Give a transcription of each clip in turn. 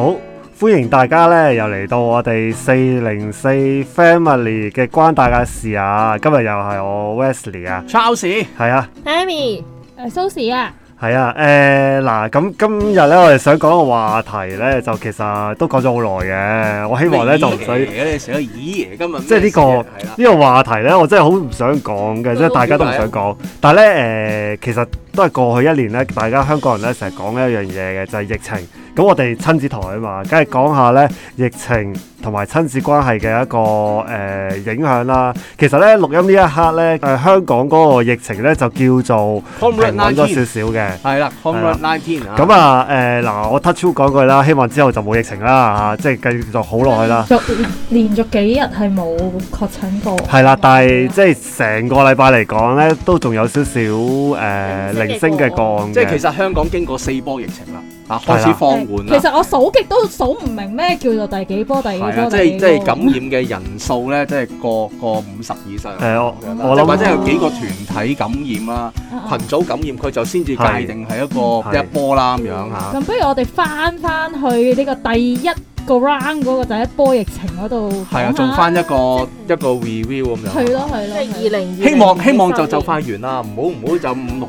好，歡迎大家咧，又嚟到我哋四零四 Family 嘅關大家事啊！今日又係我 Wesley 啊，Charles 係啊，Amy 誒 s u 啊，係 Charles. 啊，誒嗱、哎，咁、啊、今日咧，我哋想講個話題咧，就其實都講咗好耐嘅。我希望咧就唔使，咦，今日即係呢個呢了個話題咧，我真係好唔想講嘅，即、就、係、是、大家都唔想講。但係咧，誒、呃，其實都係過去一年咧，大家香港人咧成日講一樣嘢嘅，就係、是、疫情。咁我哋親子台啊嘛，梗係講下咧疫情同埋親子關係嘅一個誒、呃、影響啦。其實咧錄音呢一刻咧，誒、呃、香港嗰個疫情咧就叫做平穩咗少少嘅，係啦，Coronavirus nineteen 啊。咁啊，誒嗱，我 cut short 講句啦，希望之後就冇疫情啦，吓即係繼續好落去啦。就是、續連續幾日係冇確診過，係啦， 但係即係成個禮拜嚟講咧，都仲有少少誒、呃、零星嘅降。即係其實香港經過四波疫情啦。啊！開始放緩啦。其實我數極都數唔明咩叫做第幾波、第幾波。係啊，即係即係感染嘅人數咧，即係個個五十以上嘅啦。即或者有幾個團體感染啦，羣組感染佢就先至界定係一個一波啦咁樣吓。咁不如我哋翻翻去呢個第一個 round 嗰個就係一波疫情嗰度，係啊，仲翻一個一個 review 咁樣。係咯係咯。即係二零。希望希望就就快完啦，唔好唔好就五六。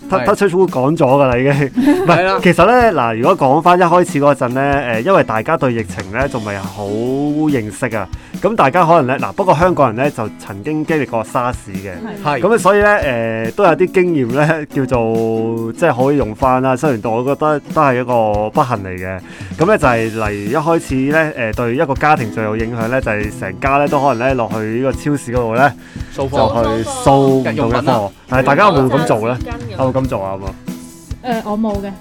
突出出講咗㗎啦，已經唔係。 不 其實咧，嗱，如果講翻一開始嗰陣咧，誒、呃，因為大家對疫情咧仲未好認識啊，咁大家可能咧，嗱，不過香港人咧就曾經經歷過沙士嘅，係，咁所以咧，誒、呃，都有啲經驗咧，叫做即係可以用翻啦。雖然到我覺得都係一個不幸嚟嘅，咁、嗯、咧就係、是、例如一開始咧，誒、呃，對一個家庭最有影響咧，就係、是、成家咧都可能咧落去呢個超市嗰度咧，個就去掃唔到嘅貨，但係、啊、大家會唔會咁做咧？哦嗯嗯嗯嗯工作啊？喎，誒，我冇嘅，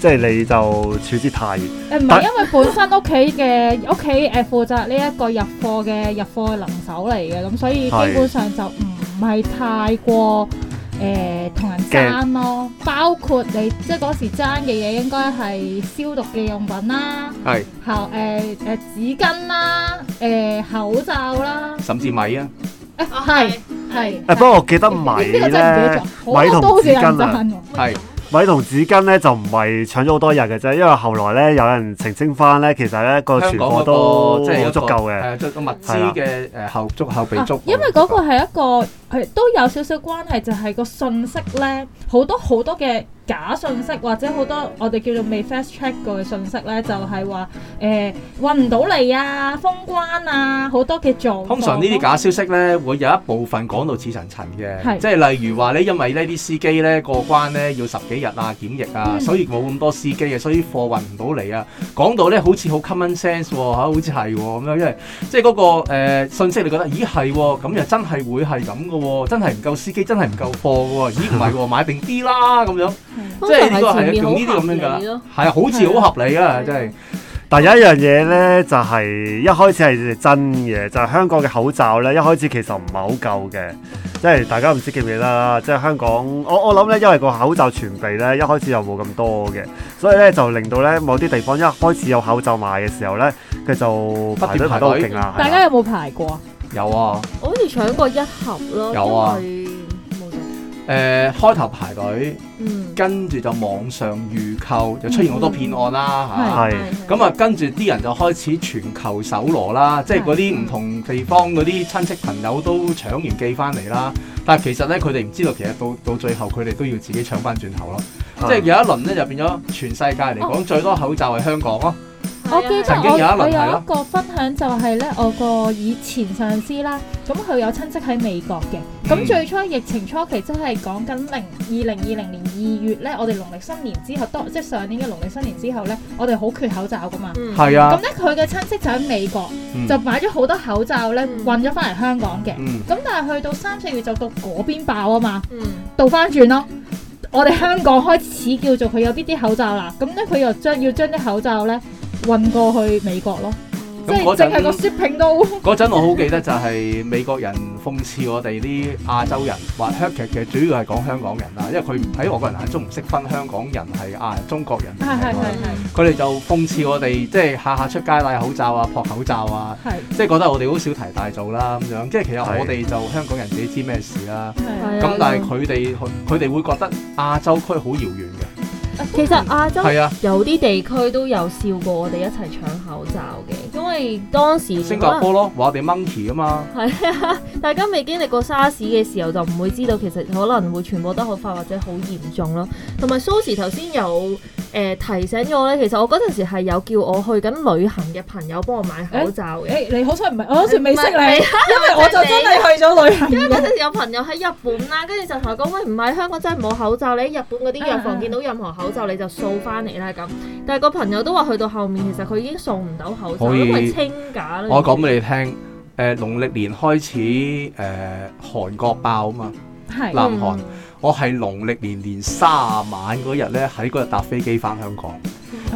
即係你就處之泰然。誒唔係，因為本身屋企嘅屋企誒負責呢一個入貨嘅入貨嘅能手嚟嘅，咁、呃、所以基本上就唔係太過誒同、呃、人爭咯。的包括你即係嗰時爭嘅嘢，應該係消毒嘅用品啦，係後誒誒紙巾啦，誒、呃、口罩啦，甚至米啊，誒我係。係，誒不過我記得米咧， 米同紙巾啊，係是米同紙巾咧就唔係搶咗好多日嘅啫，因為後來咧有人澄清返咧，其實咧、嗰個存貨都足夠嘅，係啊，即係物資嘅誒後足後備足。因為嗰個係一個係的都有少少關係，就係、是、個信息咧好多好多嘅。假信息或者好多我哋叫做未 fact check 過嘅信息咧，就係話誒運唔到嚟啊，封關啊，好多嘅狀況。通常呢啲假消息咧，會有一部分講到似層層嘅，是即係例如話咧，因為呢啲司機咧過關咧要十幾日啊檢疫啊，嗯、所以冇咁多司機嘅，所以貨運唔到嚟啊。講到咧好似 com、哦、好 common sense 喎好似係喎咁樣，因為即係嗰個誒、呃、信息你覺得咦係喎，咁又、哦、真係會係咁嘅喎，真係唔夠司機，真係唔夠貨喎，咦唔係喎買定啲啦咁樣。 即係呢個係用呢啲咁樣噶，係好似好合理啊，理的真係的。但有一樣嘢咧，就係、是、一開始係真嘅，就係、是、香港嘅口罩咧，一開始其實唔係好夠嘅，即係大家唔知記唔記得啦。即、就、係、是、香港，我我諗咧，因為個口罩儲備咧，一開始又冇咁多嘅，所以咧就令到咧某啲地方一開始有口罩賣嘅時候咧，佢就排都排到勁啦。大家有冇排過啊？的有啊，我好似搶過一盒咯，有啊。誒、呃、開頭排隊，嗯、跟住就網上預購，嗯、就出現好多騙案啦嚇。咁啊，跟住啲人就開始全球搜羅啦，是即係嗰啲唔同地方嗰啲親戚朋友都搶完寄翻嚟啦。但係其實咧，佢哋唔知道，其實到到最後，佢哋都要自己搶翻轉頭咯。即係是是有一輪咧，就變咗全世界嚟講、哦、最多口罩係香港咯。我記得我我有，有一個分享就係咧，我個以前上司啦，咁佢的有親戚喺美國嘅。咁、嗯、最初疫情初期即係講緊零二零二零年二月咧，我哋農曆新年之後，多即係上年嘅農曆新年之後咧，我哋好缺口罩㗎嘛。嗯，啊呢。咁咧的，佢嘅親戚就喺美國，嗯、就買咗好多口罩咧，嗯、運咗返嚟香港嘅。咁、嗯、但係去到三四月就到嗰邊爆啊嘛。嗯。倒返轉咯，我哋香港開始叫做佢有啲啲口罩啦。咁咧，佢又話要將啲口罩咧。運過去美國咯，即係淨係個 shipping 都。嗰陣我好記得就係美國人諷刺我哋啲亞洲人，話香港其實主要係講香港人啦，因為佢喺外國人眼中唔識分香港人係亞、中國人。係係係係。佢哋就諷刺我哋，即係下下出街戴口罩啊、撲口罩啊，即係覺得我哋好小題大做啦咁樣。即係其實我哋就香港人自己知咩事啦、啊。咁、嗯、但係佢哋佢哋會覺得亞洲區好遙遠嘅。其實亞洲有啲地區都有笑過我哋一齊搶口罩嘅。因為當時新加坡咯，話我哋 monkey 啊嘛，係啊，大家未經歷過沙士嘅時候就唔會知道其實可能會傳播得好快或者好嚴重咯。同埋 Sausi 頭先有誒、呃、提醒咗我咧，其實我嗰陣時係有叫我去緊旅行嘅朋友幫我買口罩嘅。誒、欸欸，你好彩唔係，我嗰時未識你，因為我就真係去咗旅行。 因為嗰陣時有朋友喺日本啦，跟住就同我講：喂，唔係香港真係冇口罩，你喺日本嗰啲藥房見到任何口罩你就掃翻嚟啦咁。但係個朋友都話去到後面，其實佢已經送唔到口罩，因為以清假啦。我講俾你聽，誒、呃，農曆年開始，誒、呃，韓國爆啊嘛，是的 南韓。嗯、我係農曆年年卅晚嗰日咧，喺嗰日搭飛機翻香港。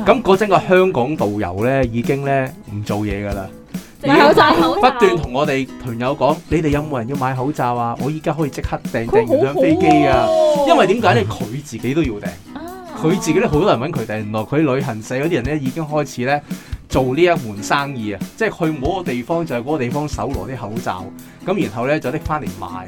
咁嗰陣個香港導遊咧已經咧唔做嘢噶啦，買口罩，不斷同我哋朋友講：嗯、你哋有冇人要買口罩啊？我依家可以即刻訂訂上飛機啊！因為點解咧？佢自己都要訂。佢自己咧好多人揾佢，但原來佢旅行社嗰啲人咧已經開始咧做呢一門生意啊！即係去某個地方就係、是、嗰個地方搜羅啲口罩，咁然後咧就拎返嚟賣。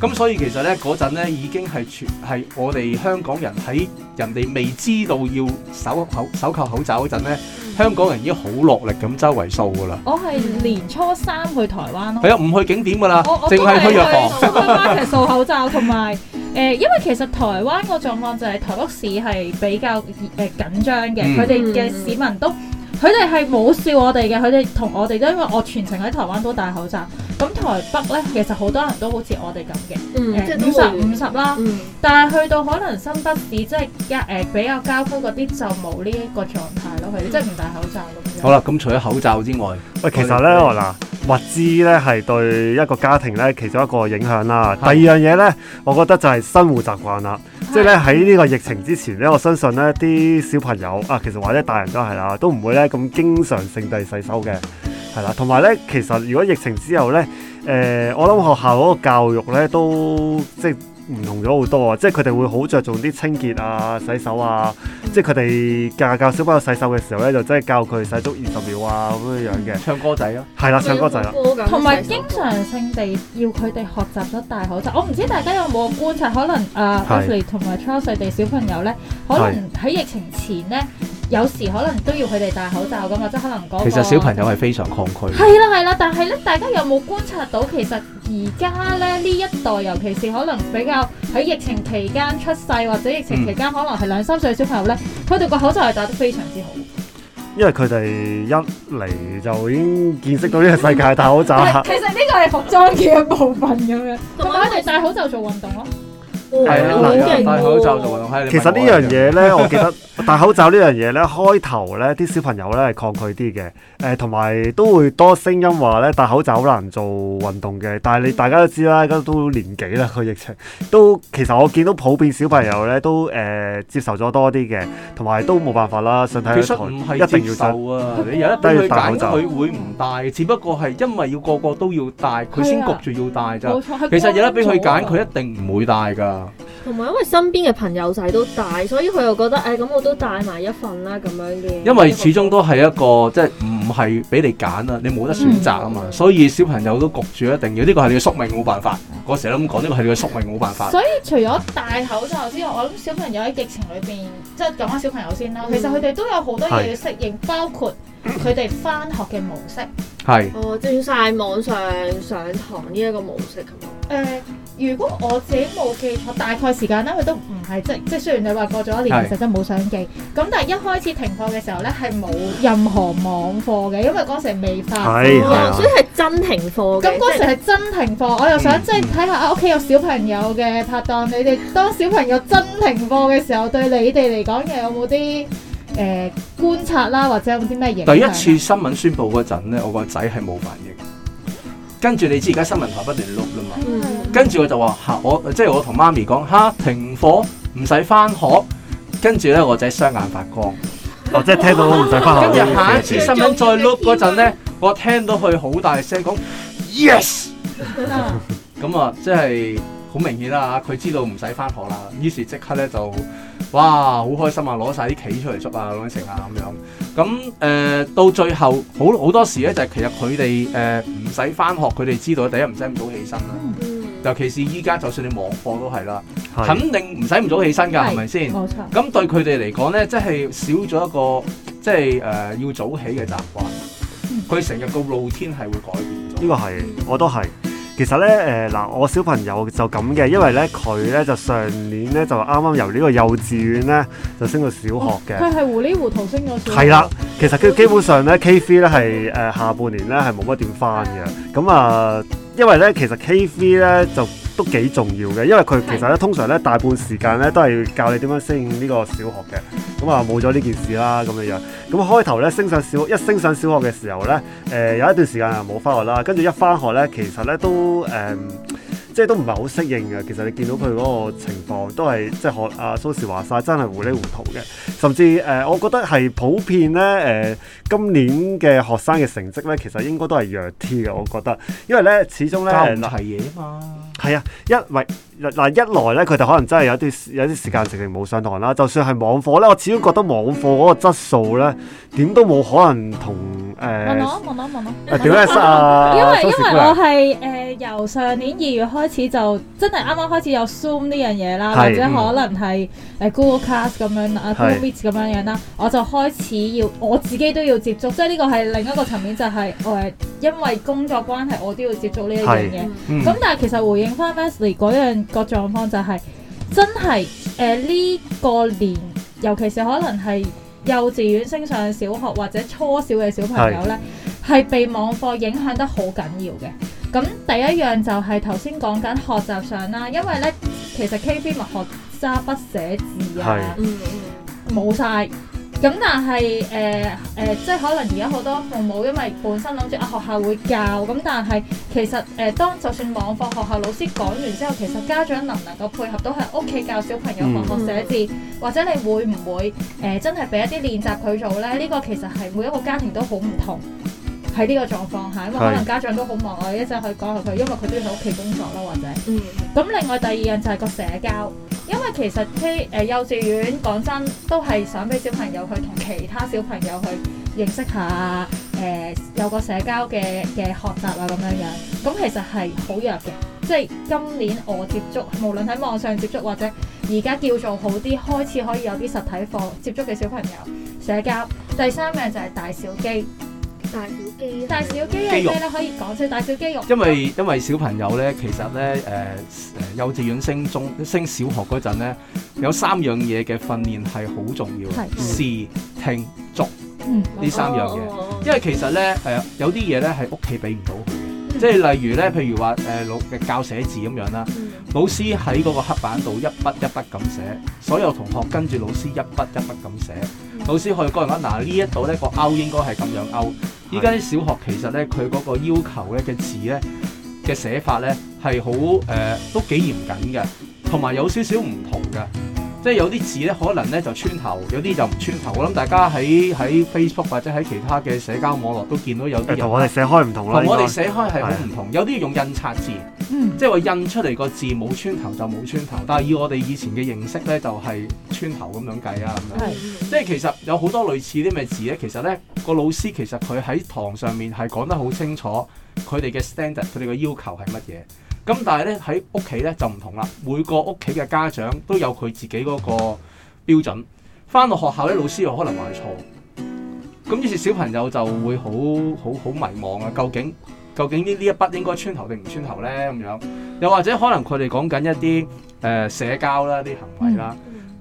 咁、嗯、所以其實呢嗰陣呢已經係全係我哋香港人喺人哋未知道要手口手購口罩嗰陣呢，香港人已經好落力咁周圍掃㗎喇。我係年初三去台灣咯。係啊、嗯，唔去景點㗎喇，淨係去藥房。我去台灣掃口罩，同埋誒，因為其實台灣個狀況就係台北市係比較誒緊張嘅，佢哋嘅市民都佢哋係冇笑我哋嘅，佢哋同我哋都因為我全程喺台灣都戴口罩。咁台北咧，其實好多人都好似我哋咁嘅，嗯呃、即係五十五十啦。50, 50嗯、但係去到可能新北市，即係誒比較郊區嗰啲，就冇呢一個狀態咯。佢、嗯、即係唔戴口罩咁樣。好啦，咁除咗口罩之外，喂、哎，其實咧嗱以，物資咧係對一個家庭咧其中一個影響啦。的第二樣嘢咧，我覺得就係生活習慣啦。即係咧喺呢個疫情之前咧，我相信咧啲小朋友啊，其實或者大人都係啦，都唔會咧咁經常性地洗手嘅。係啦，同埋咧，其實如果疫情之後咧，誒、呃，我諗學校嗰個教育咧都即係唔同咗好多啊！即係佢哋會好着重啲清潔啊、洗手啊，即係佢哋教教小朋友洗手嘅時候咧，就真係教佢洗足二十秒啊咁樣樣嘅。唱歌仔咯，係啦，唱歌仔。同埋經常性地要佢哋學習戴大口罩。我唔知大家有冇觀察？可能阿 a、uh, 同埋是 Charles 哋小朋友咧，可能喺疫情前咧。有時可能都要佢哋戴口罩噶嘛，即係可能講、那個。其實小朋友係非常抗拒。係啦係啦，但係咧，大家有冇觀察到其實而家咧呢一代，尤其是可能比較喺疫情期間出世或者疫情期間、嗯、可能係兩三歲嘅小朋友咧，佢哋個口罩係戴得非常之好。因為佢哋一嚟就已經見識到呢個世界戴口罩。 其實呢個係服裝嘅一部分咁樣，同埋佢哋戴口罩做運動咯。係啦，戴口罩做運動。其實呢樣嘢呢，我記得戴口罩呢樣嘢呢，開頭呢啲小朋友呢係抗拒啲嘅，誒、呃，同埋都會多聲音話呢戴口罩好難做運動嘅。但係你大家都知啦，而家都年幾啦個疫情，都其實我見到普遍小朋友呢都誒、呃、接受咗多啲嘅，同埋都冇辦法啦。其實唔係接受啊，你有得俾佢揀，佢會唔戴？ 只不過係因為要個個都要戴，佢先焗住要戴咋。冇錯，其實有得俾佢揀，佢一定唔會戴噶。 同埋，因為身邊嘅朋友仔都戴，所以佢又覺得，誒、哎、咁我都戴埋一份啦，咁樣嘅。因為始終都係一個，即係唔係俾你揀啦，你冇得選擇啊嘛。嗯、所以小朋友都焗住一定要，呢、呢個係你嘅宿命，冇辦法。我成日都咁講，呢、呢個係你嘅宿命，冇辦法。所以除咗戴口罩之外，我諗小朋友喺疫情裏邊，即係講下小朋友先啦。嗯、其實佢哋都有好多嘢要適應，是包括佢哋翻學嘅模式，係，誒轉曬網上上堂呢一個模式啊嘛。誒、呃。如果我自己冇記錯，大概時間咧，佢都唔係即即，雖然你話過咗一年，其實真冇想記。咁但係一開始停課嘅時候咧，係冇任何網課嘅，因為嗰時未發，所以係真停課。咁嗰時係真停課，我又想即係睇下啊，屋企有小朋友嘅拍檔，你哋當小朋友真停課嘅時候，對你哋嚟講嘅有冇啲誒觀察啦，或者有冇啲咩影響？第一次新聞宣佈嗰陣咧，我個仔係冇反應。跟住你知而家新聞台不斷錄㗎嘛。跟住我就話嚇、啊，我即係我同媽咪講嚇，停課唔使翻學。跟住咧，我仔雙眼發光，我、 啊、即係聽到唔使翻學。跟住 下一次新聞再 look 嗰陣咧，我聽到佢好大聲講 yes，咁啊、 嗯，即係好明顯啦嚇，佢知道唔使翻學啦。於是即刻咧就哇好開心啊，攞晒啲棋出嚟捉啊，咁樣成啊咁樣。咁、嗯、誒、呃、到最後好好多時咧，就係、是、其實佢哋誒唔使翻學，佢哋知道第一唔使咁早起身啦。 尤其是依家，就算你網課都係啦，是肯定唔使唔早起身㗎，係咪先？冇錯。咁對佢哋嚟講咧，即係少咗一個即係誒要早起嘅習慣。佢成日個 routine 係會改變咗。呢個係，我都係。其實咧誒嗱，我小朋友就咁嘅，因為咧佢咧就上年咧就啱啱由呢個幼稚園咧就升到小學嘅。佢係糊裡糊塗升咗小學。係啦，其實佢基本上咧 K3 咧係誒、呃、下半年咧係冇乜點翻嘅。咁啊。的的因為咧，其實 K3 咧就都幾重要嘅，因為佢其實咧通常咧大半時間咧都係教你點樣適應呢個小學嘅，咁啊冇咗呢件事啦咁樣樣。咁開頭咧升上小一升上小學嘅時候咧，誒、呃、有一段時間就冇返學啦，跟住一返學咧其實咧都誒。嗯即係都唔係好適應嘅，其實你見到佢嗰個情況都係即係學阿蘇士 i r 話曬，真係糊裡糊塗嘅，甚至誒、呃，我覺得係普遍咧誒、呃，今年嘅學生嘅成績咧，其實應該都係弱啲嘅，我覺得，因為咧始終咧教唔齊嘢啊嘛。係啊，一為嗱一來咧，佢哋可能真係有啲有啲時間直情冇上堂啦。就算係網課咧，我始終覺得網課個質素咧點都冇可能同誒問我問下問下點解啊？因為因為我係誒由上年二月開始就真係啱啱開始有 Zoom 呢樣嘢啦，或者可能係誒 Google Class 咁樣啦 Google Meet 咁樣樣啦，我就開始要我自己都要接觸，即係呢個係另一個層面，就係誒因為工作關係我都要接觸呢一樣嘢。咁但係其實回應。翻 m e s l e y 嗰樣個狀況就係、是、真係誒呢個年，尤其是可能係幼稚園升上小學或者初小嘅小朋友呢，係是被網課影響得好緊要嘅。咁第一樣就係頭先講緊學習上啦，因為呢其實 k p v 學揸筆寫字啊，冇晒是。咁但係誒誒，即係可能而家好多父母因為本身諗住啊學校會教，咁但係其實誒、呃、當就算網課學校老師講完之後，其實家長能唔能夠配合到喺屋企教小朋友學學寫字，嗯、或者你會唔會誒、呃、真係俾一啲練習佢做咧？呢、這個其實係每一個家庭都好唔同，喺呢個狀況下，因為可能家長都好忙，是我哋一陣去以講下佢，因為佢都要喺屋企工作囉，或者，咁、嗯、另外第二樣就係個社交。因為其實啲幼稚園講真都係想俾小朋友去同其他小朋友去認識下，誒、呃、有個社交嘅嘅學習啊咁樣樣，咁其實係好弱嘅。即係今年我接觸，無論喺網上接觸或者而家叫做好啲，開始可以有啲實體課接觸嘅小朋友社交。第三樣就係大小機。大小肌肉，肌肉咧可以講，即係大小肌肉。因為因為小朋友咧，其實咧，誒、呃、誒，幼稚園升中升小學嗰陣咧，有三樣嘢嘅訓練係好重要，係視的、聽、足，呢、嗯、三樣嘢。哦哦哦、因為其實咧，係、呃、有啲嘢咧係屋企俾唔到佢嘅，嗯、即係例如咧，譬如話誒老教寫字咁樣啦，老師喺嗰個黑板度一筆一筆咁寫，所有同學跟住老師一筆一筆咁寫。老師可以講一講，嗱呢一度咧個勾應該係咁樣勾的。依家啲小學其實咧，佢嗰個要求咧嘅字咧嘅寫法咧係好誒都幾嚴謹嘅，點點同埋有少少唔同嘅。即係有啲字咧，可能咧就穿頭，有啲就唔穿頭。我諗大家喺喺 Facebook 或者喺其他嘅社交網絡都見到有啲人。同我哋寫開唔同啦。我哋寫開係好唔同，對有啲用印刷字，嗯、即係話印出嚟個字冇穿頭就冇穿頭。但係以我哋以前嘅認識咧，就係、是、穿頭咁樣計啊。咁樣，對即係其實有好多類似啲咩字咧，其實咧、個老師其實佢喺堂上面係講得好清楚，佢哋嘅 standard，佢哋嘅要求係乜嘢？咁但係咧喺屋企咧就唔同啦，每個屋企嘅家長都有佢自己嗰個標準。返到學校咧，老師又可能話佢錯，咁於是小朋友就會好好好迷茫啊！究竟究竟呢呢一筆應該穿頭定唔穿頭咧？咁樣又或者可能佢哋講緊一啲誒、呃、社交啦、啲行為啦，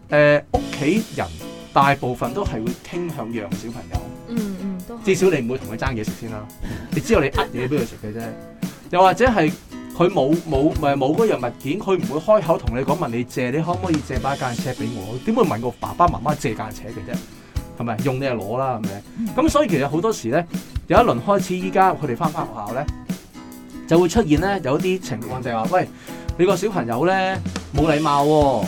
誒屋企人大部分都係會傾向讓小朋友，嗯嗯，嗯至少你唔會同佢爭嘢食先啦。嗯、你知道你呃嘢俾佢食嘅啫，又或者係。佢冇冇咪冇嗰樣物件，佢唔會開口同你講問你借，你可唔可以借把間尺俾我？點會問我爸爸媽媽借間尺嘅啫？係咪用你就攞啦，係咪？咁、嗯、所以其實好多時咧，有一輪開始，依家佢哋返返學校咧，就會出現咧有啲情況，就係、是、話：喂，你個小朋友咧冇禮貌、哦，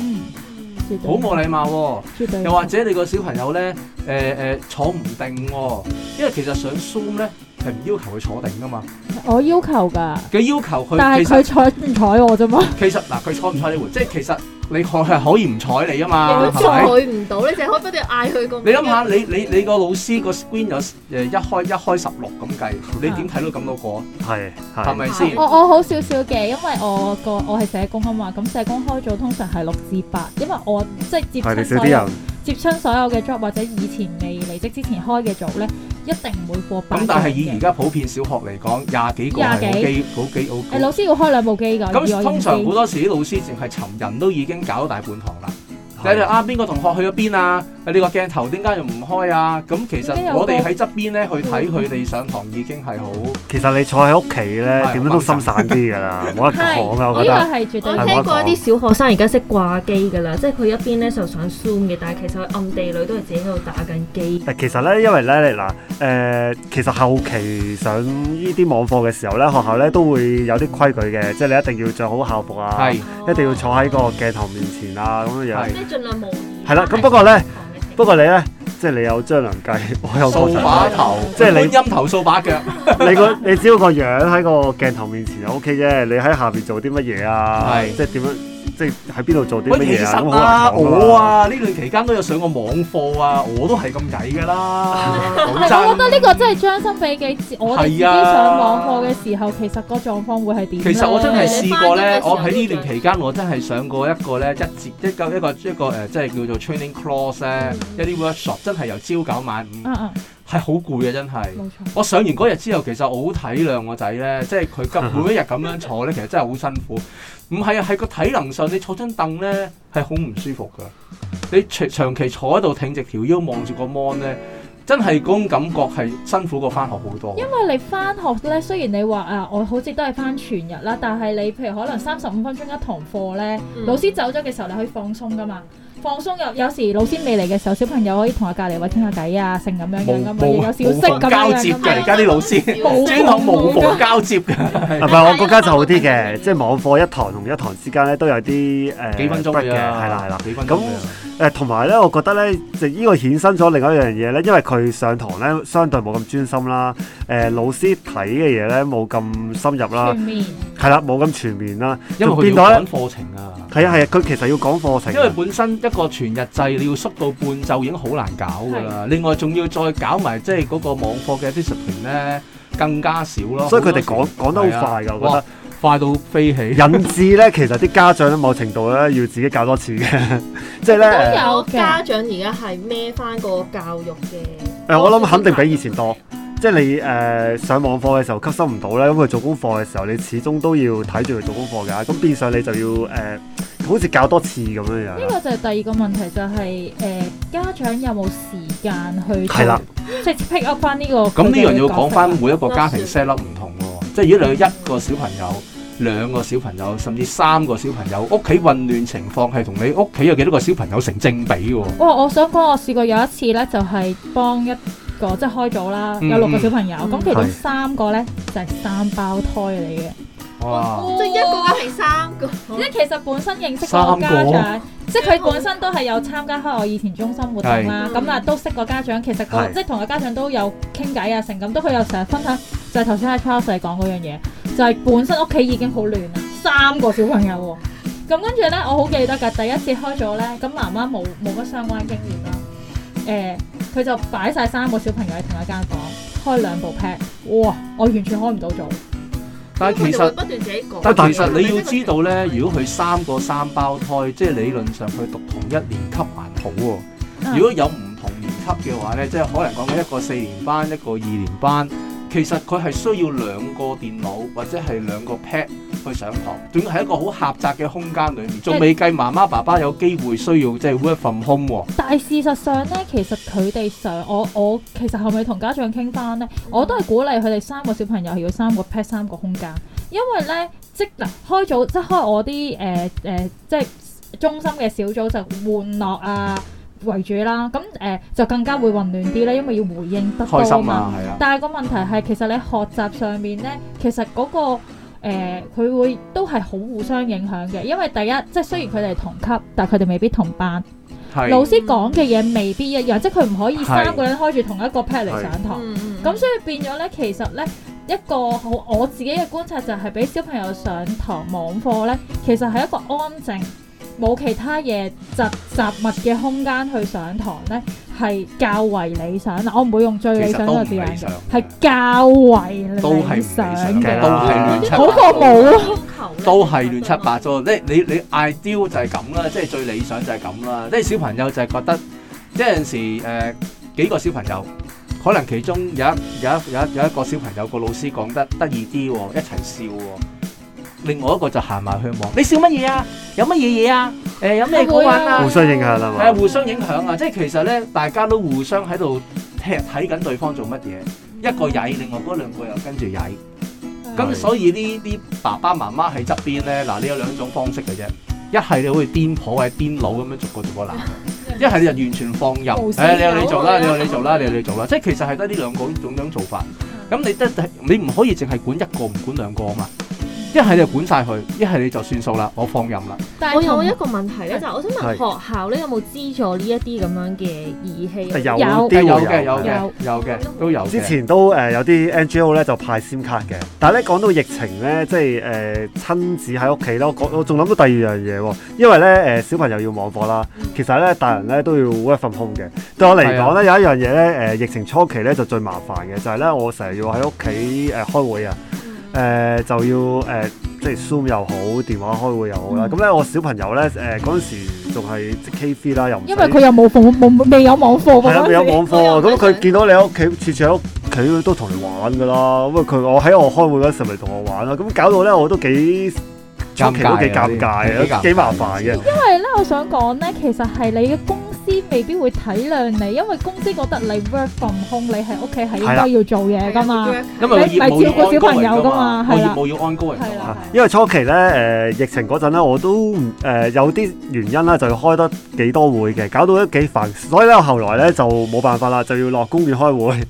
好冇、嗯、禮貌、哦，對又或者你個小朋友咧誒誒坐唔定、哦，因為其實上 Zoom 咧。係唔要求佢坐定㗎嘛？我要求㗎。嘅要求佢，但係佢睬唔睬我啫嘛？其實嗱， 佢睬唔睬你回？即係其實你係可以唔睬你啊嘛？你睬唔到，你淨係可以不斷嗌佢個。你諗下，你你你個老師個 screen 有誒一， 一開一開十六咁計，你點睇到咁多個？係係咪先？我我好少少嘅，因為我個我係社工啊嘛。咁社工開組通常係六至八，因為我即係接親接親所有嘅 job 或者以前未離職之前開嘅組咧。一定唔會過百。咁但係以而家普遍小學嚟講，廿幾個部機、OK，好機好係老師要開兩部機，㗎那。咁通常好多時啲老師淨係尋人，都已經搞大半堂啦。睇啱邊個同學去咗邊啊？呢個鏡頭點解又唔開啊？咁其實我哋喺側邊咧去睇佢哋上堂已經係好。其實你坐喺屋企咧，點樣都心散啲㗎啦，冇得講啊！我覺得。我呢個係絕對。我聽過一啲小學生而家識掛機㗎啦，即係佢一邊咧就想 Zoom 嘅，但係其實暗地裏都係自己喺度打緊機。其實咧，因為咧，嗱，誒，其實後期上呢啲網課嘅時候咧，學校咧都會有啲規矩嘅，即係你一定要着好校服啊，一定要坐喺個鏡頭面前啊咁樣樣。盡量冇。係啦了，咁不，不過咧，是不，是不過你咧，是是即係你有張良計，我有掃把頭，即係你音頭掃把腳。 你個你只要個樣喺個鏡頭面前就 O K 啫，你喺下邊做啲乜嘢啊？是即係點樣？即係喺邊度做啲乜嘢啊？我啊，呢段期間都有上過網課啊，我都係咁曳噶啦。我覺得呢個真係將心比己，我自己上網課嘅時候，其實個狀況會係點？其實我真係試過咧，我喺呢段期間，我真係上過一個咧一節一個一個一個誒，即係叫做 training class 咧，一啲 workshop，真係由朝九晚五，係好攰啊！真係。冇錯。我上完嗰日之後，其實我好體諒我仔咧，即係佢每一日咁樣坐咧，其實真係好辛苦。唔係啊，係個體能上，你坐張凳咧係好唔舒服噶。你長長期坐喺度挺直條腰望住個芒 o 咧，真係嗰個感覺係辛苦過翻學好多。因為你翻學咧，雖然你話啊，我好似都係翻全日啦，但係你譬如可能三十五分鐘一堂課咧，mm hmm. 老師走咗嘅時候，你可以放鬆噶嘛。放鬆入，有時老師未嚟嘅時候，小朋友可以同下隔離位傾下偈啊，成咁樣嘅咁，無有小息咁樣交接㗎，而家啲老師，冇交接㗎。 唔係，我嗰間就好啲嘅，即係網課一堂同一堂之間咧都有啲誒、呃、幾分鐘嘅、啊，係啦係啦幾分鐘、啊。咁同埋咧，我覺得咧，就呢個衍生咗另外一樣嘢咧，因為佢上堂咧相對冇咁專心啦，誒、呃、老師睇嘅嘢咧冇咁深入啦，係啦冇咁全面啦，面因為變咗咧課程啊，係啊係啊，佢其實要講課程，因為本身。一個全日制你要縮到半晝已經好難搞噶啦，的另外仲要再搞埋即係嗰個網課嘅 discipline 咧，更加少咯。所以佢哋講講得好快噶，的我覺得快到飛起。引致咧，其實啲家長喺某程度咧要自己教多次嘅，即係咧。有家長而家係孭返個教育嘅。誒、呃，我諗肯定比以前多。即係你誒、呃、上網課嘅時候吸收唔到咧，咁佢做功課嘅時候，你始終都要睇住佢做功課㗎。咁、嗯、變相你就要誒、呃，好似教多次咁樣樣。呢個就係第二個問題就係、是、誒、呃、家長有冇時間去係啦，直接了 pick up 翻、這、呢個。咁呢樣要講翻每一個家庭 set up 唔同喎、哦。嗯、即係如果你一個小朋友、兩個小朋友，甚至三個小朋友，屋企混亂情況係同你屋企有幾多個小朋友成正比喎、哦。哇！我想講，我試過有一次咧，就係幫一個即係開咗啦，有六個小朋友，咁其中三個咧就係三胞胎嚟嘅，即係一個家係三個。即其實本身認識個家長，即係佢本身都係有參加開我以前中心活動啦。咁啊，都識個家長，其實即係同個家長都有傾偈啊，成咁都佢有成日分享。就係頭先阿 Charles 講嗰樣嘢，就係本身屋企已經好亂啦，三個小朋友喎。咁跟住咧，我好記得㗎，第一次開咗咧，咁媽媽冇冇乜相關經驗咯，誒。佢就擺晒三個小朋友喺同一間房，開兩部 pad，哇！我完全開唔到做但係其實不斷自己講。但其實你要知道咧，如果佢三個三胞胎，即係理論上佢讀同一年級還好喎。如果有唔同年級嘅話咧，即係可能講緊一個四年班一個二年班，其實佢係需要兩個電腦或者係兩個 pad。去上堂，仲要係一個好狹窄嘅空間裏面，仲未計媽媽爸爸有機會需要即係 work from home，哦。但係事實上呢，其實佢哋想我我其實後尾同家長傾翻呢，我都係鼓勵佢哋三個小朋友係要三個 pat 三個空間，因為呢，即嗱開組即開我啲，誒誒即係中心嘅小組就玩樂啊為主啦，咁誒、呃、就更加會混亂啲咧，因為要回應得開心嘛，啊。但係個問題係，其實你學習上面呢，其實嗰、嗰個。誒佢、呃、會都係好互相影響嘅，因為第一即係雖然佢哋係同級，但係佢哋未必同班。是老師講嘅嘢未必一樣，是即係佢唔可以三個人開住同一個 pad 嚟上堂。咁所以變咗呢，其實呢一個好我自己嘅觀察就係俾小朋友上堂網課呢，其實係一個安靜冇其他嘢雜雜物嘅空間去上堂咧，係較為理想啦。我唔會用最理想嘅字眼，係較為理想。都係唔理想嘅，都係亂七八糟。嗰個冇啊，都係亂七八糟。你你你 ideal 就係咁啦，即係最理想就係咁啦。即係小朋友就係覺得，即係有陣時誒幾個小朋友，可能其中有一有一有一有一個小朋友個老師講得得意啲喎，一齊笑喎。另外一個就行埋去望，你笑乜嘢啊？有乜嘢嘢啊？誒、欸，有咩好玩啊？互相影響啦，係啊，互相影響啊！即係其實咧，大家都互相喺度睇睇緊對方做乜嘢，嗯、一個曳，另外嗰兩個又跟住曳。咁、嗯、所以呢啲爸爸媽媽喺側邊咧，嗱，你有兩種方式嘅啫。一係你好似癲婆或者癲佬咁樣逐個逐個鬧，一係、嗯嗯、你就完全放任，誒、哎，你有你做啦、嗯，你有你做啦，你有你做啦。即係、嗯、其實係得呢兩個種樣做法。咁你得你唔可以淨係管一個，唔管兩個啊嘛。一係你就管晒佢，一係你就算數啦，我放任啦。但係我有一個問題咧，嗯、就我想問是學校咧，有冇資助呢一啲咁樣嘅儀器？有啲有會有，有嘅都有。之前都誒有啲 NGO 咧就派 SIM 卡嘅。但係咧，講到疫情咧，即係誒、呃、親子喺屋企咧，我我仲諗到第二樣嘢喎。因為咧誒、呃、小朋友要網課啦，其實咧大人咧都要 work from home 嘅。對我嚟講咧，有一樣嘢咧誒疫情初期咧就最麻煩嘅就係、是、咧我成日要喺屋企誒開會啊。誒、呃，就要誒、呃，即係 Zoom 又好，電話開會又好啦。咁咧、嗯，我小朋友咧，誒、呃，嗰陣時仲係即 K3 啦，又因為佢又冇網，冇未有網課。係啊，未有網課。咁佢見到你喺屋企， 次次喺屋企都同你玩噶啦。咁啊，佢我喺我開會嗰陣時，咪同我玩啦。咁搞到咧，我都幾早期尬都幾尷尬，幾尬麻煩嘅。因為咧，我想講咧，其實係你嘅工。未必會體諒你，因為公司覺得你 work from home，你喺屋企係應該要做嘢噶嘛，咁對你係照顧小朋友噶嘛，係啦，冇要安哥人。因為初期咧，誒、呃、疫情嗰陣咧，我都誒、呃、有啲原因咧，就要開得幾多會嘅，搞到都幾煩，所以咧我後來咧就冇辦法啦，就要落公園開會，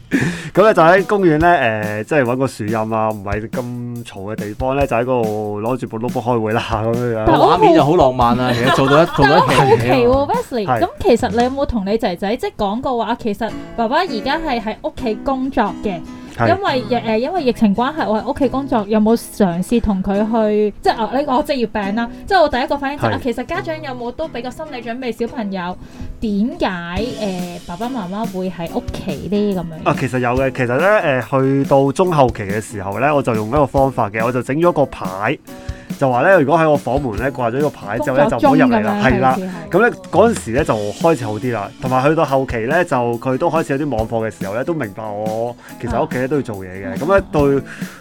咁 咧就喺公園咧，誒、呃、即係揾個樹蔭啊，唔係咁嘈嘅地方咧，就喺嗰度攞住部 notebook 開會啦咁樣樣。畫面就好浪漫啊，其實 做到一做到咁其實你。有冇同你仔仔即係講過話？其實爸爸而家係喺屋企工作嘅，是因為疫誒、呃、因為疫情關係，我喺屋企工作。有冇嘗試同佢去即係啊呢個職業病啦？即係、啊啊、我第一個反應就係、是、是啊，其實家長有冇都俾個心理準備小朋友點解誒爸爸媽媽會喺屋企呢？咁樣？啊，其實有嘅，其實咧誒、呃、去到中後期嘅時候咧，我就用一個方法嘅，我就整咗個牌。就話咧，如果喺我房門咧掛咗個牌之後咧，就唔好入嚟啦，係啦。咁咧嗰陣時咧就開始好啲啦，同埋去到後期咧就佢都開始有啲網課嘅時候咧，都明白我其實喺屋企咧都要做嘢嘅。咁咧對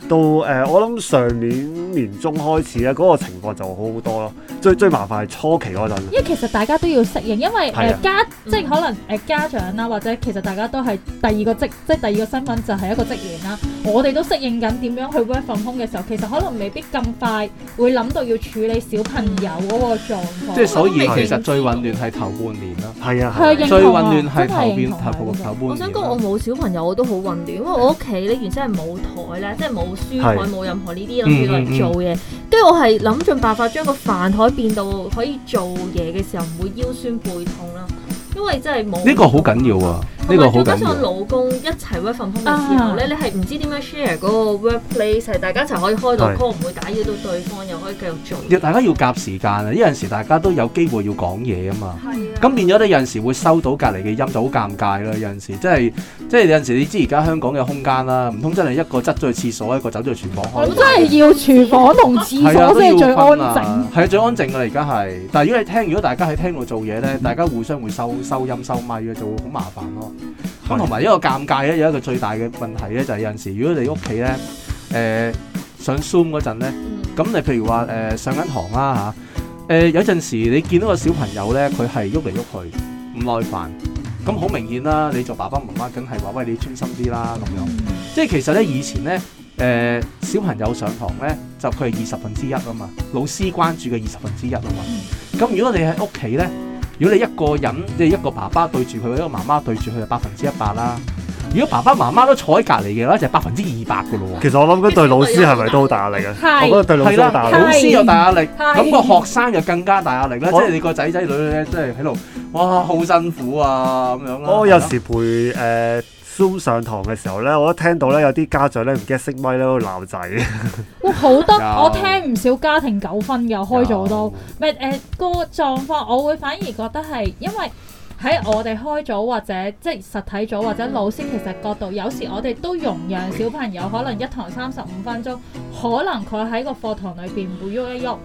到誒、呃，我諗上年年中開始咧，嗰、嗰個情況就好好多咯。最最麻煩係初期嗰陣，因為其實大家都要適應，因為誒、啊、家、嗯、即係可能誒家長啦，或者其實大家都係第二個職即係第二個身份就係一個職員啦。我哋都適應緊點樣去 work from home 嘅時候，其實可能未必咁快會諗到要處理小朋友嗰個狀況。即係所以,以其實最混亂係頭半年啦。係啊，啊啊啊最混亂係的頭邊,頭,邊頭,頭半頭半。我想講我冇小朋友我都好混亂，因為我屋企呢原先係冇台咧，即係冇書台冇、啊、任何呢啲啦，嚟做嘢。跟住、啊嗯嗯、我係諗盡辦法將個飯台。變到可以做嘢嘅時候唔會腰酸背痛囉，因為真係冇呢個好緊要啊。咁啊！再加上老公一齊 work from home 嘅時候咧，你係唔知點樣 share 嗰個 workplace，係大家一齊可以開到 call，唔會打擾到對方，又可以繼續做。大家要夾時間啊！依陣時大家都有機會要講嘢啊嘛。咁變咗你有陣時會收到隔離嘅音就好尷尬啦。有陣時即係即係有陣時你知而家香港嘅空間啦，唔通真係一個執咗去廁所，一個走咗去廚房開。真係要廚房同廁所先最安靜。係啊，最安靜噶啦！而家係，但係如果你聽，如果大家喺廳度做嘢咧，大家互相會收收音收咪就會好麻煩咯。咁同埋一個尷尬咧，有一個最大嘅問題咧，就係、是、有陣時如果你屋企咧，誒上 Zoom 嗰陣咧，咁你譬如話誒、呃、上緊堂啦、啊、吓，誒、呃、有陣時你見到個小朋友咧，佢係喐嚟喐去，唔耐煩，咁好明顯啦，你做爸爸媽媽梗係話喂，你專心啲啦咁樣，即係其實咧以前咧，誒、呃、小朋友上堂咧就佢係二十分之一啊嘛，老師關注嘅二十分之一啊嘛，咁如果你喺屋企咧。如果你一個人即係一個爸爸對住佢，一個媽媽對住佢，就百分之一百啦。如果爸爸媽媽都坐喺隔離嘅咧，就係百分之二百噶咯。其實我諗緊對老師係咪都好大壓力啊？係，老師又大壓力，咁個學生就更加大壓力咧。即係的的你個仔仔女女咧，即係喺度，哇，好辛苦啊咁樣咯。我有時陪誒。Uh, Zoom 上堂嘅時候呢，我一聽到呢，有啲家長呢，唔記得熄咪都鬧仔。哇，好多！有我聽唔少家庭糾紛嘅，開組都唔係誒個狀況。我會反而覺得係因為喺我哋開組或者即係實體組或者老師其實角度，有時我哋都容讓小朋友可能一堂三十五分鐘，可能佢喺個課堂裏邊會喐一喐。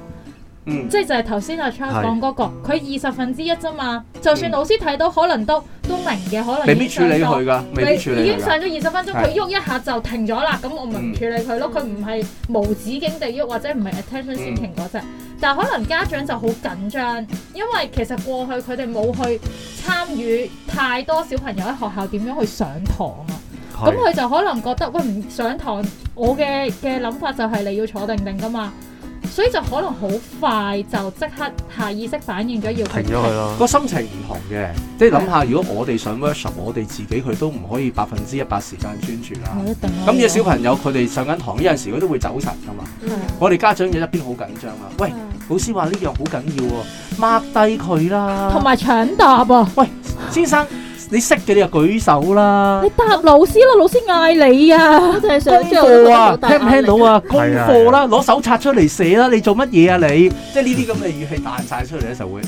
嗯，即係就係頭先阿 Charles 講嗰個，佢二十分之一啫嘛，就算老師睇到，可能都都明嘅，可能未必處理佢噶，已經上咗二十分鐘，佢喐是一下就停咗啦，咁我咪唔處理佢咯，佢唔係無止境地喐或者唔係 attention 先停嗰、嗯、隻，但係可能家長就好緊張，因為其實過去佢哋冇去參與太多小朋友喺學校點樣去上堂啊，咁佢是就可能覺得，喂，唔上堂我嘅嘅諗法就係你要坐定定噶嘛。所以就可能好快就即刻下意識反應咗要停咗佢咯。個心情唔同嘅，即係諗下，如果我哋上 workshop，我哋自己佢都唔可以百分之一百時間專注啦。咁有、嗯嗯、小朋友佢哋、嗯、上緊堂有陣時佢都會走神噶嘛。嗯、我哋家長嘢一邊好緊張啊，喂，老師話呢樣好緊要喎，mark 低佢啦。同埋搶答啊，喂，先生。你識嘅你就舉手啦！你答老師咯，老師嗌你啊！功課啊，聽唔聽到啊？功課啦，攞、啊、 手冊出嚟寫啦！你做乜嘢啊你？ 即係呢啲咁嘅語氣彈晒出嚟嘅時候會，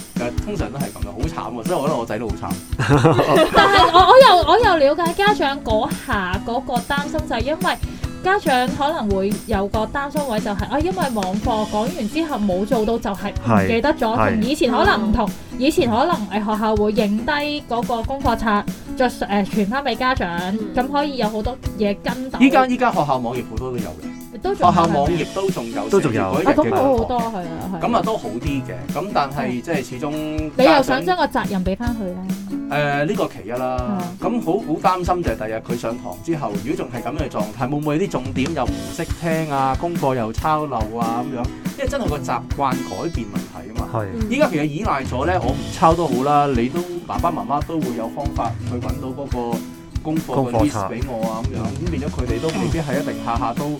通常都係咁樣，好慘喎、啊！所以我覺得我仔都好慘。 但係我我又我又瞭解家長嗰下嗰個擔心就係因為。家長可能會有個擔心位、就係，就係啊，因為網課講完之後冇做到就，就係唔記得咗。同以前可能唔同，啊、以前可能誒、哎、學校會認低嗰個功課冊，再誒、呃、傳翻俾家長，咁、嗯、可以有好多嘢跟。依家依家學校網頁好多都有嘅，都有學校網頁都仲有，都仲有，啊，統統好多係啊，係。咁啊，都，都好啲嘅，咁但係即係始終，你又想將個責任俾翻佢咧？誒呢、呃這個其一啦，咁好好擔心就係第日佢上堂之後，如果仲係咁嘅狀態，會唔會啲重點又唔識聽啊，功課又抄漏啊咁、嗯、樣？因為真係個習慣改變問題啊嘛。依家、嗯、其實依賴咗咧，我唔抄都好啦，你都爸爸媽媽都會有方法去揾到嗰個功課嘅 list 俾科我啊咁樣，咁、嗯、變咗佢哋都未必係一定下下都誒、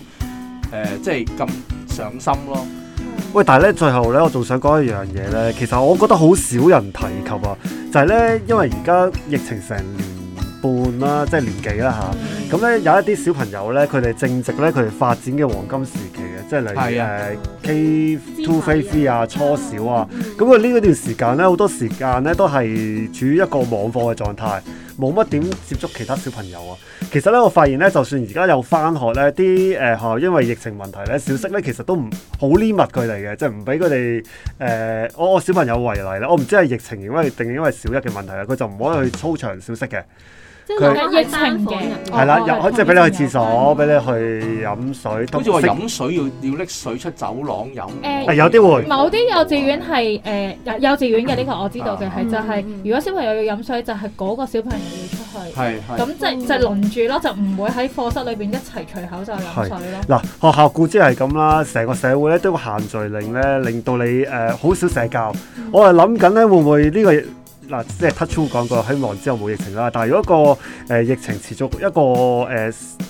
呃、即係咁上心咯。喂，但係咧，最後咧，我仲想講一樣嘢咧。其實我覺得好少人提及啊，就係咧，因為而家疫情成年半啦，即係年幾啦吓，咁咧、嗯嗯、有一啲小朋友咧，佢哋正值咧佢哋發展嘅黃金時期嘅，即係例如誒 K two three three 啊，2, 3, 3，初小啊。咁佢呢段時間咧，好多時間咧都係處於一個網課嘅狀態。冇乜點接觸其他小朋友啊，其實咧，我發現咧，就算而家有返學咧，啲誒學校因為疫情問題咧，小息咧其實都唔好黏密佢哋嘅，即係唔俾佢哋誒，我我小朋友為例啦。我唔知係疫情原因定因為小一嘅問題啦，佢就唔可以去操場小息嘅。佢疫情嘅，係啦，即係俾你去廁所，俾你去飲水，好似話飲水要要拎水出走廊飲，係有啲會。某啲幼稚園係誒幼幼稚園嘅呢個我知道嘅，係就係如果小朋友要飲水，就係嗰個小朋友要出去，咁即係就輪住咯，就唔會喺課室裏邊一齊除口罩飲水咯。嗱，學校固之係咁啦，成個社會咧都會限聚令咧，令到你誒好少社交。我係諗緊咧，會唔會呢個？嗱，即係 cut 粗講過，希望之後冇疫情啦。但係如果個誒、呃、疫情持續一個誒、呃、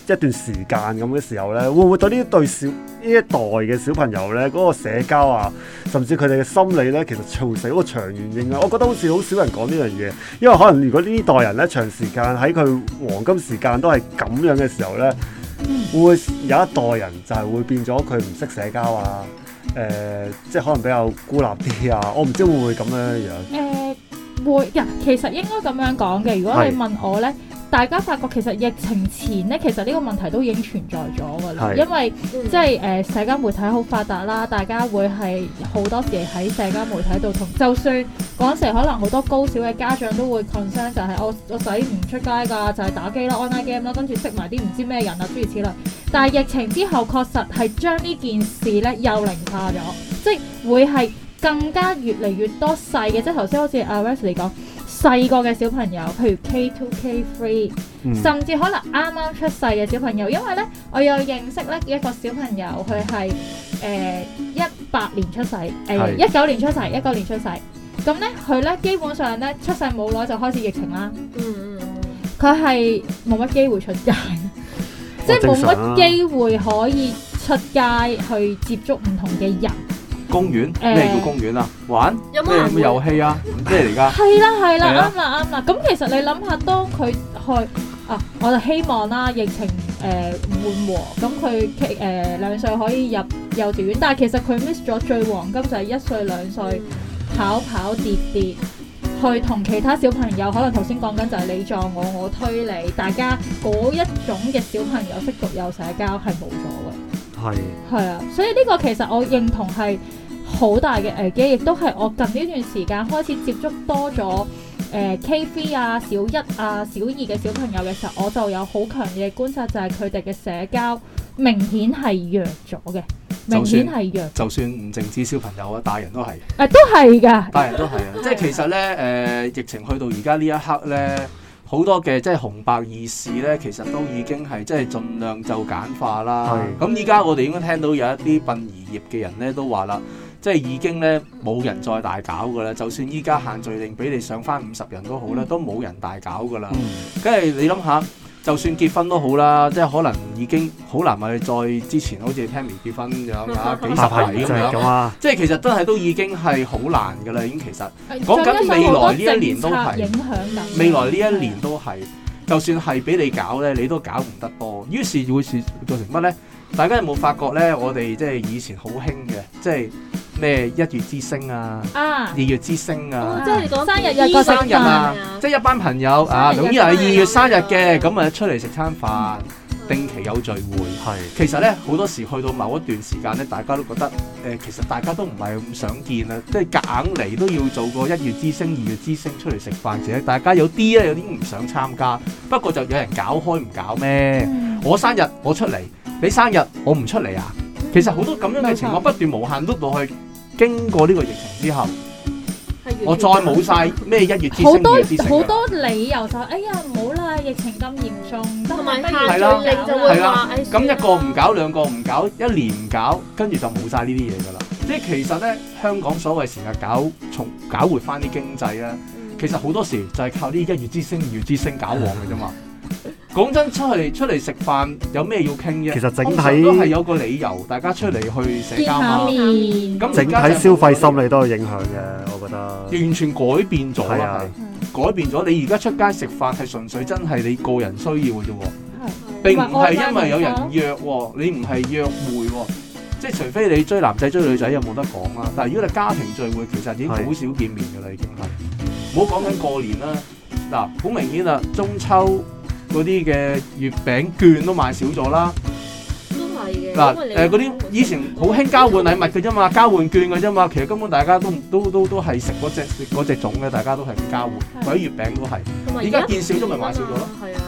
一段時間咁嘅時候咧，會唔會對呢啲對小呢一代嘅小朋友咧嗰、那個社交啊，甚至佢哋嘅心理咧，其實造成一個長遠影響？我覺得好似好少人講呢樣嘢，因為可能如果呢代人咧長時間喺佢黃金時間都係咁樣嘅時候咧，會，會有一代人就係會變咗佢唔識社交啊，誒、呃，即係可能比較孤立啲啊。我唔知會唔會咁樣樣。 會呀，其實應該咁樣講嘅。如果你問我呢，是大家發覺其實疫情前呢，其實呢個問題都已經存在咗㗎啦。是因為即係誒、呃、社交媒體好發達啦，大家會係好多時喺社交媒體度同。就算嗰陣時可能好多高小嘅家長都會 concern 就係、是哦、我我仔唔出街㗎，就係、是、打機咯 online game 咯，跟住識埋啲唔知咩人啊，諸如此類。但係疫情之後確實係將呢件事呢幼齡化咗，即係會係。更加越嚟越多細嘅，即係頭先好似 Wesley 嚟講，細個嘅小朋友，譬如 K2、K3，甚至可能啱啱出世嘅小朋友，因為呢，我有認識呢一個小朋友，佢係誒一八年出世，誒一九年出世，一九年出世，咁呢，佢呢基本上呢，出世冇耐就開始疫情啦，佢係冇乜機會出街，即係冇乜機會可以出街去接觸唔同嘅人。公園，咩叫公園啊？玩咩遊戲啊？咁咩嚟噶？係啦係啦，啱啦啱啦。咁其實你諗下，當佢去啊，我就希望啦，疫情誒緩和，咁佢誒兩歲可以入幼稚園，但係其實佢 miss 咗最黃金就係一歲兩歲跑跑跌跌，去同其他小朋友，可能頭先講緊就係你撞我，我推你，大家嗰一種嘅小朋友識續有社交係冇咗嘅。係係啊，所以呢個其實我認同係。好大嘅危機，亦都係我近呢段時間開始接觸多咗誒、呃、K3 啊、小一啊、小二嘅小朋友嘅時候，我就有好強烈嘅觀察，就係佢哋嘅社交明顯係弱咗嘅，明顯係弱咗。就算唔淨止小朋友啊，大人都係誒、啊，都係㗎，大人都係啊。 即係其實咧，誒、呃、疫情去到而家呢一刻咧，好多嘅即係紅白二事咧，其實都已經係即係盡量就簡化啦。咁依家我哋應該聽到有一啲殯儀業嘅人咧都話啦。即係已經咧冇人再大搞㗎啦，就算依家限聚令俾你上翻五十人都好咧，嗯、都冇人大搞㗎啦。梗係、嗯、你諗下，就算結婚都好啦，即係可能已經好難咪再之前好似 Tammy 結婚咁樣嚇 幾十米咁樣。 即係其實真係都已經係好難㗎啦，已經其實講緊未來呢一年都係未來呢一年都係，就算係俾你搞咧，你都搞唔得多。於是會是造成乜咧？大家有冇發覺咧？我哋即係以前好興嘅，即係。咩一月之星啊，啊二月之星啊，哦、即係講生日日過生日啊，即係一班朋友日日啊，有啲人係二月生日嘅，咁啊、嗯、出嚟食餐飯，嗯、定期有聚會。係是是其實咧好多時去到某一段時間咧，大家都覺得誒，其實大家都唔係咁想見啊，即、就、係、是、硬嚟都要做個一月之星、二月之星出嚟食飯，而大家有啲咧有啲唔想參加，不過就有人搞開唔搞咩？嗯、我生日我出嚟，你生日我唔出嚟啊？其實好多咁樣嘅情況不斷無限碌到去。經過呢個疫情之後，我再冇晒咩一月之星、二月之星嘅事情。好多好多理由就係、是：哎呀，唔好啦，疫情咁嚴重，同埋下載力就會話。咁、啊、了一個唔搞，兩個唔搞，一年唔搞，跟住就冇晒呢啲嘢㗎啦。即係其實咧，香港所謂成日搞重搞活翻啲經濟啊，其實好多時就係靠啲一月之星、 二月之星搞旺嘅啫嘛。講真，出去出嚟食飯有咩要傾啫？其實整體都係有個理由，大家出嚟去社交嘛。面咁，整體消費心理都有影響嘅，我覺得。完全改變咗啦，改變咗。你而家出街食飯係純粹真係你個人需要嘅啫喎，並唔係因為有人約喎，你唔係約會喎，即係除非你追男仔追女仔，有冇得講啦。但係如果你家庭聚會，其實已經好少見面㗎啦，已經係。唔好講緊過年啦，嗱，好明顯啦，中秋。嗰啲嘅月餅券都買少咗啦，都係嘅，嗱誒，嗰啲以前好興交換禮物嘅啫嘛，交換券嘅啫嘛，其實根本大家都都都都係食嗰隻嗰隻粽嘅，大家都係唔交換，或者的月餅都係，而家的見少咗咪買少咗咯。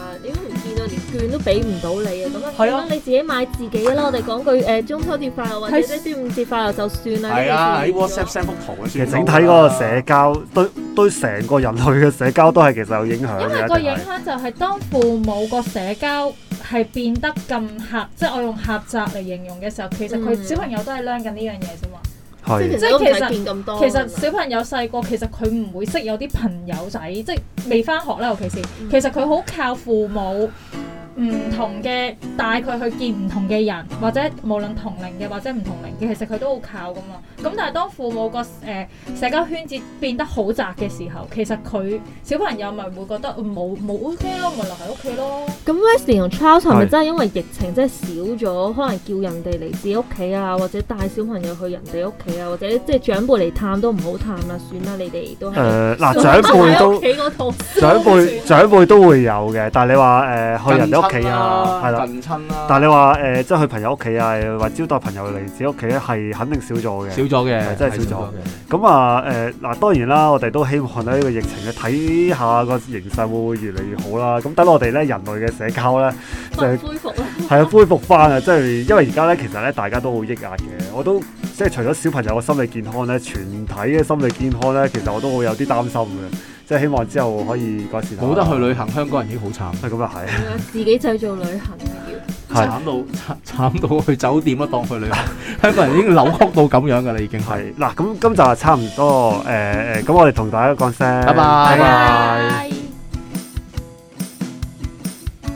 券都俾唔到你啊！咁樣，係啊你自己買自己啦。我哋講句誒中秋節快樂，或者端午節快樂就算啦。係啊，喺 WhatsApp send 幅圖嘅，整體嗰個社交對對成個人類嘅社交都係其實有影響。因為個影響就係當父母個社交係變得咁狹，即係我用狹窄嚟形容嘅時候，其實佢小朋友都係 learn 緊呢樣嘢啫嘛。係，即係其實其實小朋友細個，其實佢唔會識有啲朋友仔，即係未翻學啦。尤其是其實佢好靠父母。唔同嘅帶佢去見唔同嘅人，或者無論同齡嘅或者唔同齡嘅，其實佢都好靠噶嘛。咁但係當父母、呃、個誒社交圈子變得好窄嘅時候，其實佢小朋友咪會覺得冇冇 OK 咯，咪、呃 OK、留喺屋企咯。咁 Wesley 同 Charles 係咪真係因為疫情真係是少咗？可能叫人哋嚟自己屋企啊，或者帶小朋友去人哋屋企啊，或者即係長輩嚟探都唔好探啦，算啦，你哋都誒嗱、呃呃、長輩都長輩長輩都會有嘅，但係你話誒、呃、去人哋屋企啊，係啦、啊，近親啦。但係你話誒，即、呃、係、就是、去朋友屋企啊，或招待朋友嚟自己屋企咧，係肯定少咗嘅，少咗嘅，真係少咗嘅。咁啊，誒，嗱、呃，當然啦，我哋都希望咧呢、這個疫情嘅睇下個形勢會唔會越嚟越好啦。咁等我哋咧人類嘅社交咧就係、是、恢復，係啊，恢復翻啊，即係因為而家咧，其實咧大家都好抑壓嘅。我都即係除咗小朋友嘅心理健康咧，全體嘅心理健康咧，其實我都會有啲擔心嘅。即係希望之後可以改善。冇得去旅行，香港人已經好慘。係咁又係。 自己製造旅行要是 慘到慘到去酒店當去旅行， 香港人已經扭曲到咁樣㗎啦，已經係。嗱咁今集就係差唔多誒誒，咁、呃、我哋同大家講聲，拜拜拜。Bye bye bye bye